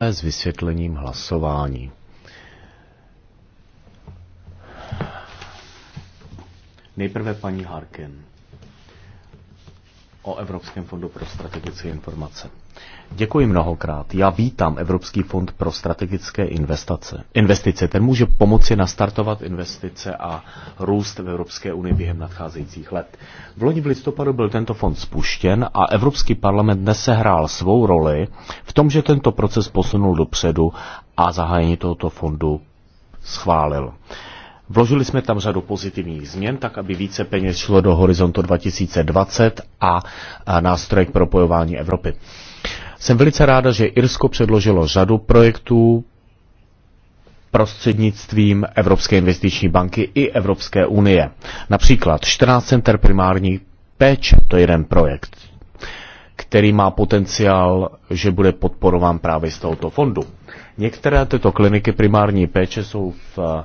s vysvětlením hlasování. Nejprve paní Harkin o Evropském fondu pro strategické informace. Děkuji mnohokrát. Já vítám Evropský fond pro strategické investice. investice. Ten může pomoci nastartovat investice a růst v Evropské unii během nadcházejících let. V loni v listopadu byl tento fond spuštěn a Evropský parlament nesehrál svou roli v tom, že tento proces posunul dopředu a zahájení tohoto fondu schválil. Vložili jsme tam řadu pozitivních změn, tak aby více peněz šlo do horizontu 2020 a nástroj k propojování Evropy. Jsem velice ráda, že Irsko předložilo řadu projektů prostřednictvím Evropské investiční banky i Evropské unie. Například 14 center primární péče, to je jeden projekt, který má potenciál, že bude podporován právě z tohoto fondu. Některé tyto kliniky primární péče jsou v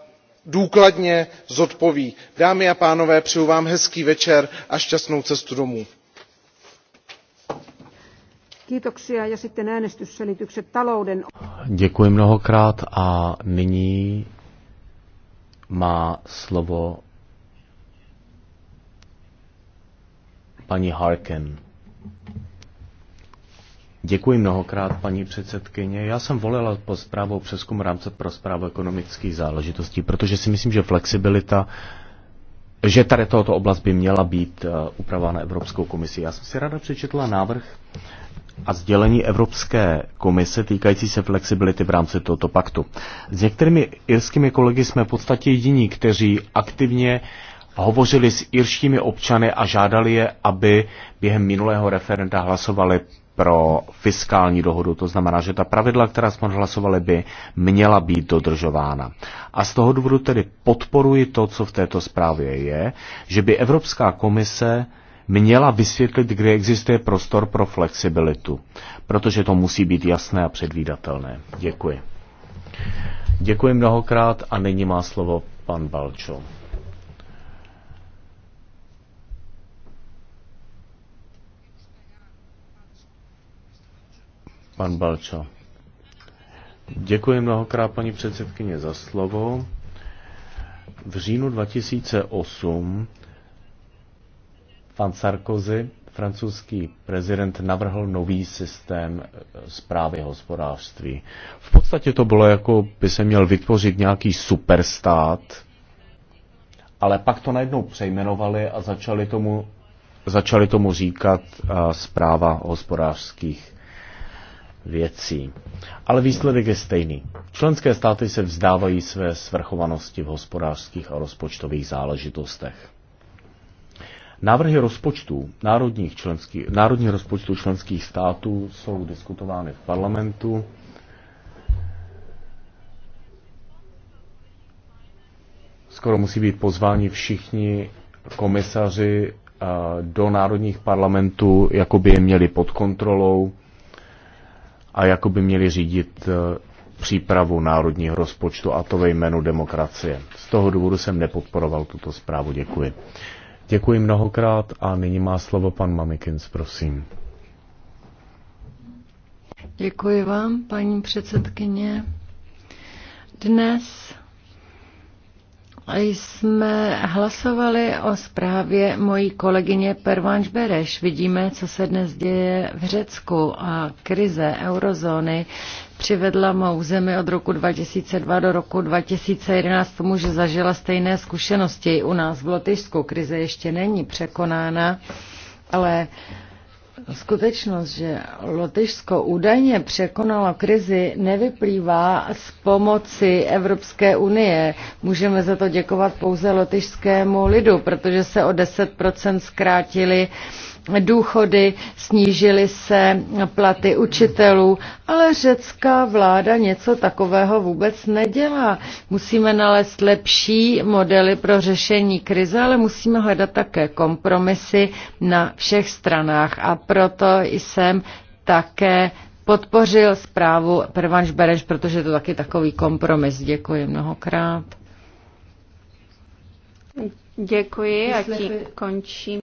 důkladně zodpoví. dámy a pánové přeji vám hezký večer a šťastnou cestu domů. Děkuji mnohokrát a nyní má slovo paní Harkin. Děkuji mnohokrát, paní předsedkyně. Já jsem volila po zprávou přeskum rámce pro zprávu ekonomických záležitostí, protože si myslím, že flexibilita že tady tohoto oblast by měla být eh, upravována Evropskou komisí. Já jsem si ráda přečetla návrh a sdělení Evropské komise týkající se flexibility v rámci tohoto paktu. S některými irskými kolegy jsme v podstatě jediní, kteří aktivně hovořili s irskými občany a žádali je, aby během minulého referenda hlasovali pro fiskální dohodu. To znamená, že ta pravidla, která jsme hlasovali, by měla být dodržována. A z toho důvodu tedy podporuji to, co v této zprávě je, že by Evropská komise měla vysvětlit, kde existuje prostor pro flexibilitu, protože to musí být jasné a předvídatelné. Děkuji. Děkuji mnohokrát a nyní má slovo pan Balčo. Pan Balčo. Děkuji mnohokrát, paní předsedkyně, za slovo. V říjnu 2008 pan Sarkozy, francouzský prezident, navrhl nový systém eh, zprávy hospodářství. V podstatě to bylo, jako by se měl vytvořit nějaký superstát, ale pak to najednou přejmenovali a začali tomu, začali tomu říkat eh, zpráva hospodářských věcí. Ale výsledek je stejný. Členské státy se vzdávají své svrchovanosti v hospodářských a rozpočtových záležitostech. Návrhy rozpočtů národních, členských, národních rozpočtů členských států jsou diskutovány v parlamentu. Skoro musí být pozváni všichni komisaři eh, do národních parlamentů, jako by je měli pod kontrolou a jako by měli řídit eh, přípravu národního rozpočtu a to ve jménu demokracie. Z toho důvodu jsem nepodporoval tuto zprávu. Děkuji. Děkuji mnohokrát a nyní má slovo pan Mamikins, prosím. Děkuji vám, paní předsedkyně. Dnes jsme hlasovali o zprávě mojí kolegyně Pervanš Bereš. Vidíme, co se dnes děje v Řecku a krize eurozóny přivedla mou zemi od roku 2002 do roku 2011 tomu, že zažila stejné zkušenosti u nás v Lotyšsku. Krize ještě není překonána, ale Skutečnost, že Lotyšsko údajně překonalo krizi, nevyplývá z pomoci Evropské unie. Můžeme za to děkovat pouze lotyšskému lidu, protože se o 10% zkrátili uh, důchody, snížily se platy učitelů, ale řecká vláda něco takového vůbec nedělá. Musíme nalézt lepší modely pro řešení krize, ale musíme hledat také kompromisy na všech stranách a proto jsem také podpořil zprávu Prvanš Bereš, protože je to taky takový kompromis. Děkuji mnohokrát. Děkuji a tím končím.